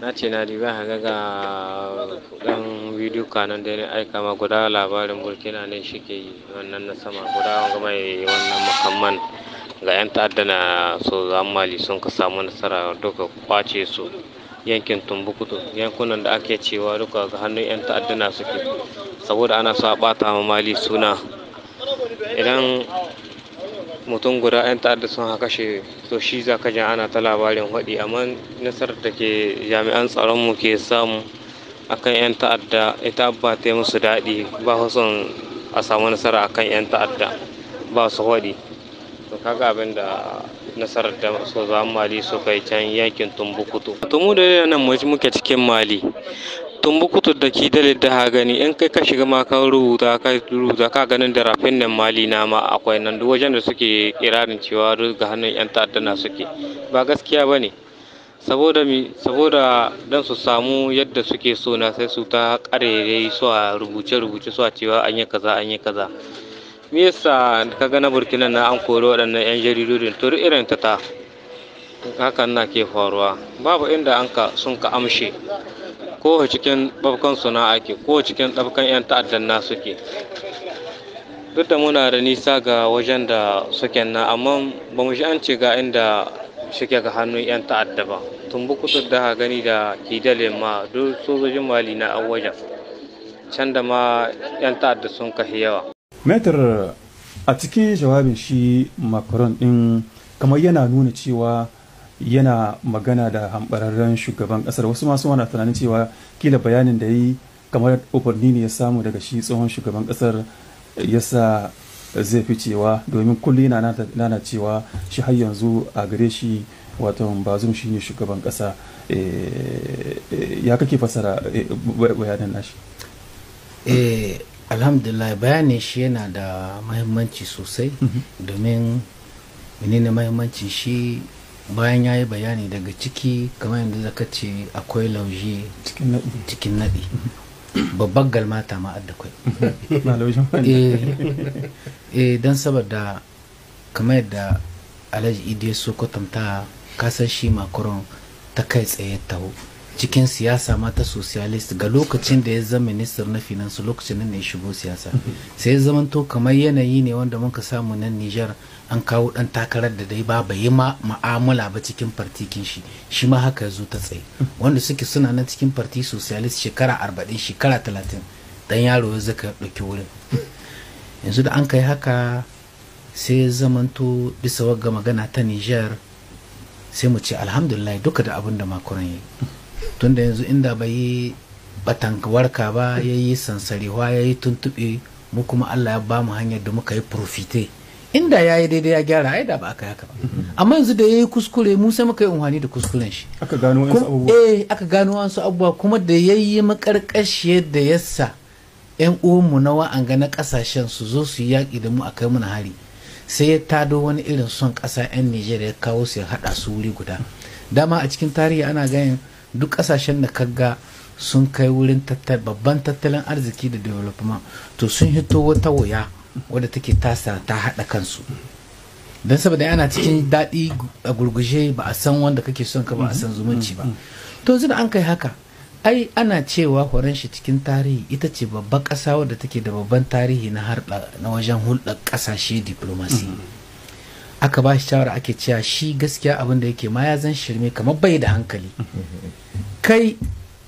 na ce na riba ka ga dan bidiyo nan da ya aika ma guda labarin burkina ne shi ke yi wannan na sama guda wanga mai wannan makamman ga 'yan ta'adda na so mali sun ka samu nasara duka kwace su yankin tumbuktu yankunan da ake cewa duka ga hannun 'yan ta'adda na suke saboda ana so a bata ma mali suna idan mutum guda 'yan ta'adda sun haka kashe to shi za ka ana ta labarin haɗi amma nasarar da ke jami'an tsaronmu ke samu akan 'yan ta'adda ita ba ta musu daɗi ba su son a samu nasara akan 'yan ta'adda ba su faɗi to kaga abin da nasarar da so za mali suka yi can yankin tumbukutu to mu da nan muke cikin mali kutu da ki da gani in kai ka shiga ma ka rubuta ka rubuta ka ganin da rafin nan mali na ma akwai nan duk wajen da suke kirarin cewa ga hannun yan ta'adda na suke ba gaskiya bane saboda mi saboda dan su samu yadda suke so na sai su ta karere su a rubuce rubuce su a cewa an yi kaza an yi kaza me yasa ka ga na Burkina na an kori waɗannan yan jaridodin to irin ta ta hakan na ke faruwa babu inda an ka sun ka amshe ko cikin ɗafkan suna ake ko cikin ɗafkan 'yan ta'addan na suke duk da muna da nisa ga wajen da suke na amma ba mu shi an ce ga inda suke ga hannun 'yan ta'adda ba tun tumbukutu da gani da kidale ma duk sojojin mali na an wajen can da ma 'yan ta'adda sun kahi yawa metar a cikin jawabin shi macron din kamar yana nuna cewa yana magana da hambararren shugaban kasar wasu masu wana tunanin cewa kila bayanin da yi kamar umarni ne ya samu daga shi tsohon shugaban kasar yasa zai fi cewa domin kulli yana na cewa shi har yanzu a gare shi wato bazum shi ne shugaban kasa eh, eh, ya kake fasara eh, bayanin nashi alhamdulillah bayanin shi yana da mahimmanci sosai mm-hmm. domin menene mahimmancin shi bayan ya yi bayani daga ciki kamar yadda zaka ce akwai lauje cikin naɗi babban ta ma adda eh, eh don saboda kamar yadda alhaji idi ya so kwatanta kasan shi makaron ta kai tsaye taho cikin siyasa mata socialist ga lokacin da ya zama minister na finance lokacin da ne ya shigo siyasa sai ya to kamar yanayi ne wanda muka samu nan Nijar an kawo dan takarar da dai ba bai ma ma'amala ba cikin partikin shi shi ma haka zo ta tsaye wanda suke suna na cikin parti socialist shekara 40 shekara 30 dan yaro ya zaka dauki wurin yanzu da an kai haka sai ya to bisa wagga magana ta Nijar sai mu ce alhamdulillah duka da abin da yi tunda yanzu inda bai yi batan warka ba ya yi sansariwa ya yi tuntuɓe mu kuma allah ya ba mu hanyar da muka yi profite inda ya yi daidai ya gyara ai da ba aka haka ba amma yanzu da ya yi kuskure mu sai muka yi unhani da kuskuren shi aka gano wasu abubuwa eh aka gano wasu abubuwa kuma da ya yi yadda da sa yan uwanmu na wa'anga na kasashen su zo su yaƙi da mu a kai mana hari sai ya tado wani irin son ƙasa yan nijar ya kawo su ya haɗa su wuri guda dama a cikin tarihi ana ganin duk kasashen da kaga sun kai wurin babban tattalin arziki da development to sun hito wata waya wadda take tasa ta haɗa kansu don saboda yana cikin daɗi a gurguje ba a san wanda kake son ka ba a san zumunci ba to da an kai haka ai ana cewa horon shi cikin tarihi ita ce babban ƙasa wadda take da babban tarihi na harɗa na wajen hulɗar ƙasashe diplomasi aka ba shi shawara ake cewa shi gaskiya abin da yake ma ya zan shirme kamar bai da hankali kai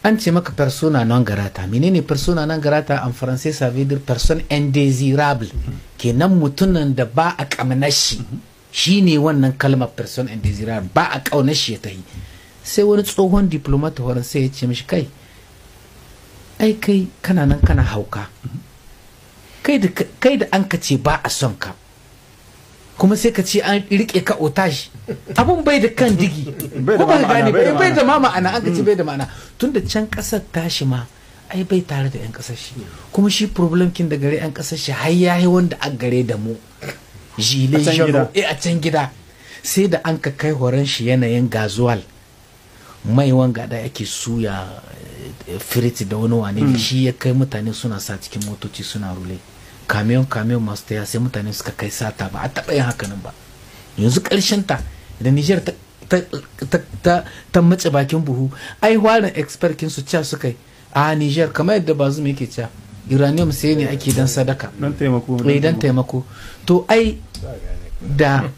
an ce maka persona non garata menene persona non garata an faransai savidir person indesirable kenan mutunan da ba a kamnar shi ne wannan kalmar person indesirable ba a kaunar shi ya tahi sai wani tsohon diplomat faransai ya ce mishi kai ai kai kana nan kana hauka kai da an ka ce ba a son ka kuma sai ka ce an rike ka otashi abun bai da kan digi ko ba gani bai eh, da ma ma'ana an ka ce mm. bai da ma'ana tunda can kasar tashi ma ai bai tare da 'yan kasar shi kuma shi problem kin da gare 'yan kasar shi har ya yi wanda a gare da mu jile e a can gida sai da an ka kai horon shi yanayin gazuwal mai wanga da ake suya eh, firiti da wani wane mm. shi ya kai mutane suna sa cikin motoci suna rule kamiyon kamiyon masu taya sai mutane suka kai sata ba a taɓa yin hakanan ba yanzu karshen ta da nijar ta mace bakin buhu ai warin experkin su ca suka yi a nijar kamar yadda ba zuma yake ca uranium sai ne ake dan sadaka don eh, taimako to ai da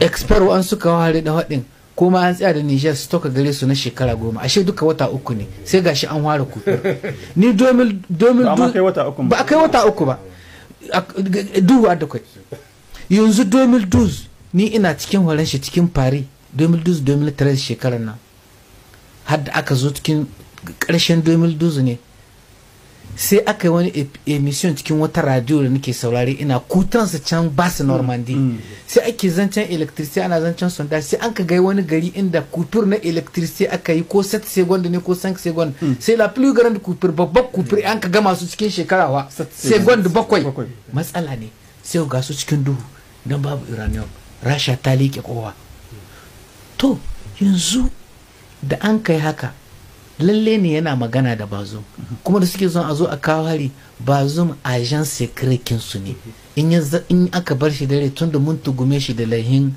expert an suka ware da haɗin ma an tsaya da nijar su toka gare su na shekara goma ashe duka wata uku ne sai gashi an ware kuɗi ni domin domin ba a kai wata uku ba duba da kwai yanzu 2012 ni ina cikin horon shi cikin fari 2012-2013 shekarar nan har da aka zo cikin ƙarshen 2012 ne sai aka yi wani emission cikin wata radio da nake saurari ina kutansa can basu normandy mm. mm. sai ake zancen electricity ana zancen sonda sai an ka gai wani gari inda kutur na electricity aka yi ko 7 second ne ko 5 second mm. sai la plus grande kutur babbar kutur an ka gama su cikin shekara wa second bakwai matsala ne sai ga su cikin duhu don babu uranium rasha ta leke kowa to yanzu da an kai haka lalle ne yana magana da bazum kuma da suke son a zo a kawo hari bazum ajan sekrekin su ne in aka bar shi dare tun da mun tugume shi da lahin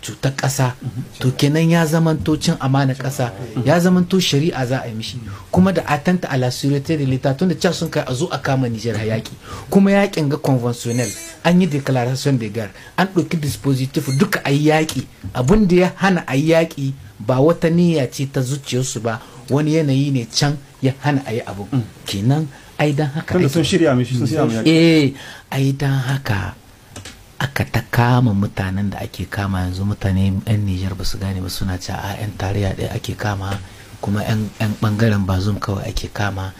cutar ƙasa to kenan ya zamanto cin amana ƙasa ya zamanto shari'a za a yi mishi kuma da atanta a la da de l'état tun da ca sun kai a zo a kama Nijar yaƙi kuma yaƙin ga conventionnel an yi declaration de guerre an ɗauki dispositif duka a yi yaƙi abin da ya hana a yi yaƙi ba wata niyya ce ta zuciyarsu ba wani yanayi ne can ya hana a yi abu mm. kenan ai don haka tunda sun shirya mishi sun shirya mishi eh ai don haka aka ta kama mutanen da ake kama yanzu mutane yan Nijar ba su gane ba suna cewa a yan tarayya ɗaya ake kama kuma yan bangaren bazum kawai ake kama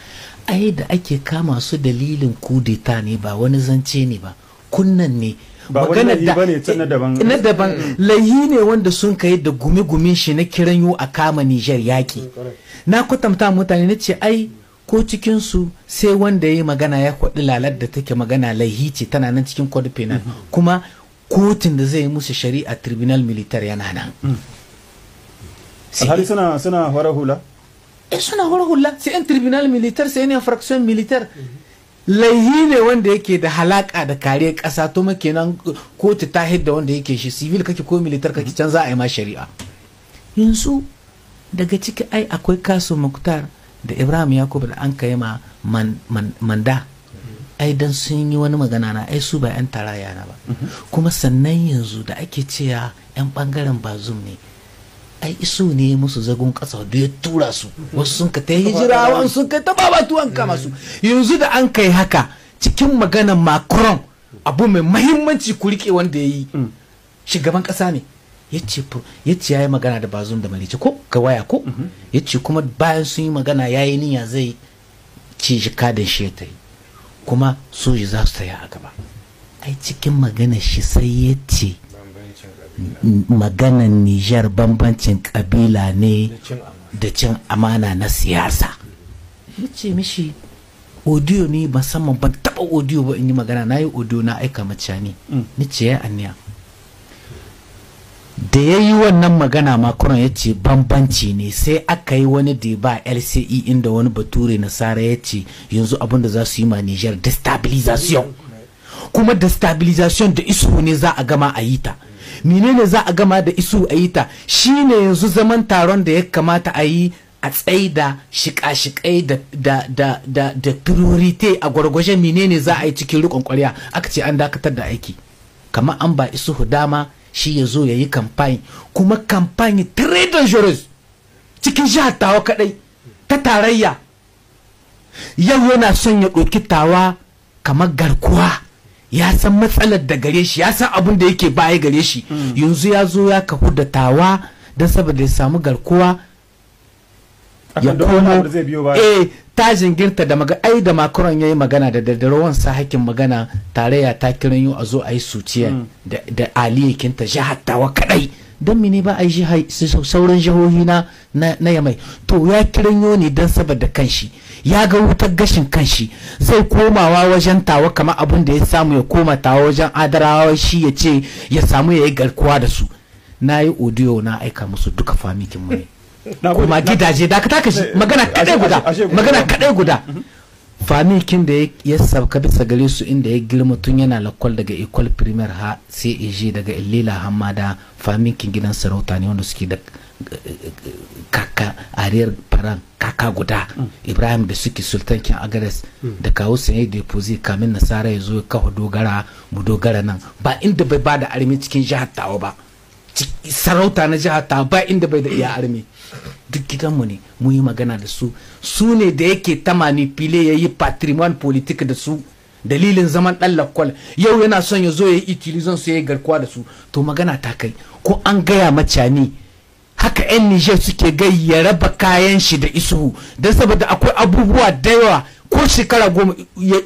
ai da ake kama su dalilin kudeta ne ba wani zance ne ba kunnan ne magana da na daban layi ne wanda sun kai da gumi-gumin shi na kiran yau a kama Nijar yaƙi mm, na kwatanta mutane na ce ai ko cikinsu sai wanda ya yi magana ya kwaɗi lalat da take magana layi ce tana nan cikin code penal mm-hmm. kuma kotun da zai yi musu shari'a tribunal militar yana nan mm. alhali suna suna hula eh, suna hula sai yan tribunal militar sai yan fraction militar mm-hmm. laihi ne wanda yake da halaka da kariyar kasa to nan kotu ta hidda wanda yake shi civil kake ko militar kake can za a yi ma shari'a yanzu daga ciki ai akwai kasu muktar da ibrahim yakubu da an kai ma manda ai dan sun yi wani magana na ai su ba yan tarayya na ba mhm. kuma sannan yanzu da ake cewa yan bangaren bazum ne ai iso ne musu zagon kasa da ya tura su wasu sun ka ta hijira wasu sun ka ta babatu an kama su yanzu da an kai haka cikin maganar macron abu mai mahimmanci ku rike wanda ya yi mm. shugaban ƙasa ne ya ce ya yi magana da bazun da malice ko ga waya ko mm-hmm. ya ce kuma bayan sun yi magana ya yi niyya zai ci jika da shi ta yi kuma soji za su taya a gaba ai cikin magana shi sai ya ce maganan Nijar bambancin kabila ne da cin amana na siyasa. ce mishi odiyo ne musamman ban taba odiyo ba in yi magana na yi odiyo na aika ni mm. ce ya da ya yi wannan magana makon ya ce bambanci ne sai aka yi wani da ba lce inda wani bature nasara ya ce yanzu abinda za su yi ma nijar destabilization kuma destabilization da iso ne za a gama a yi ta menene za a gama da isu a yi ta shine yanzu zaman taron da ya kamata a yi a tsaida shika-shikai da da priorite a gwargwaje menene za a yi cikin rikon kwarya aka ce an dakatar da aiki kamar an ba isu hudama shi ya zo ya yi kamfani kuma kamfani très dangerous cikin jihar tawa kadai ta tarayya yau yana son ya ɗauki tawa kamar garkuwa ya san matsalar da gare shi ya san abin da yake baya gare shi mm. yanzu ya zo ya kafu da tawa don saboda ya samu garkuwa ya komo eh ta jingirta da maga ai da makaron yayi magana da daddarewansa wansa hakin magana tarayya ta kiran yau a zo a yi suciya mm. da ali shi jihar tawa kadai don ne ba a yi sauran jihohi na na yamai to ya kiranyo ne don saboda kanshi ya ga wutar gashin kanshi zai komawa wajen tawa kamar abun da ya samu ya koma tawa wajen adarawa shi ya ce ya samu ya yi garkuwa da su na yi na aika musu duka famikin mai kuma gidaje da ka shi eh, magana eh, kadai guda magana kadai guda famikin da ya sabka bisa gare su inda ya girma tun yana lakwal daga ikwal primar ha cag e daga lila hamada famikin gidan sarauta ne wanda suke da eh, eh, kaka ariyar faran kaka guda mm. ibrahim da suke sultankin agares mm. da kawo yi deposit kamin nasara ya zo ya kawo dogara mu dogara nan ba inda bai ba da armi cikin jihar tawa ba sarauta na jiha ta ba inda bai da iya armi duk gidanmu ne mun yi magana da su su ne da yake ta manipile ya yi patrimoine politique da su dalilin zaman ɗan lakwal yau yana son ya zo ya yi itilizon su ya yi garkuwa da su to magana ta kai ko an gaya macani haka 'yan niger suke gai ya kayan shi da isuhu don saboda akwai abubuwa da yawa ko shekara goma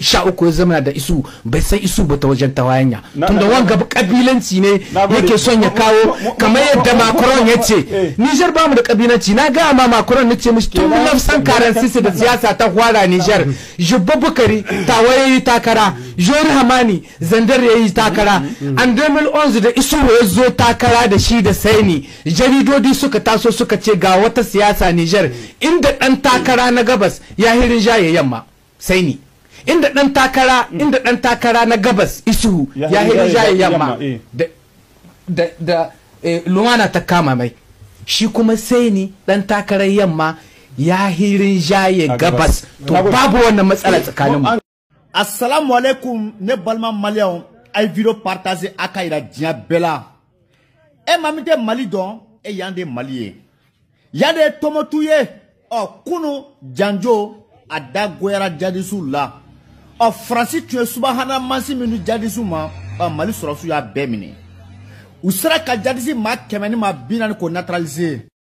sha uku ya zama da isu bai san isu ba ta wajen tawayanya da wanga kabilanci ne yake son ya kawo kamar yadda makron ya ce eh. nijar ba mu da kabilanci na ga ma macron na ce mishi tun mun san karan sisi da siyasa ta hwara nijar jubba bukari tawaye yi takara jori hamani zandar ya yi takara andremel onzu da isu ya zo takara da shi da saini jaridodi suka taso suka ce ga wata siyasa nijar inda dan takara na gabas ya hirin jaye yamma sai ni inda dan takara mm. inda dan takara na gabas isuhu ya hira jaye yamma eh. da da eh, lumana ta kama mai shi kuma sai ni dan takarar yamma ya hirin jaye gabas to babu wannan matsala tsakanin mu eh, assalamu alaikum ne balma maliyan ay video partager aka ira diɲɛ bɛɛ la e mami mali dɔn e yande mali ye yan de ye oh, kunu janjo a dagoyara jadisiw la ɔ faransi tun ye subahana mansi minnu jadisiw ma ɔ mali sɔrɔsiw y'a bɛɛ minɛ u sera ka jadisi maa kɛmɛ ni maa bi naani k'o naturalize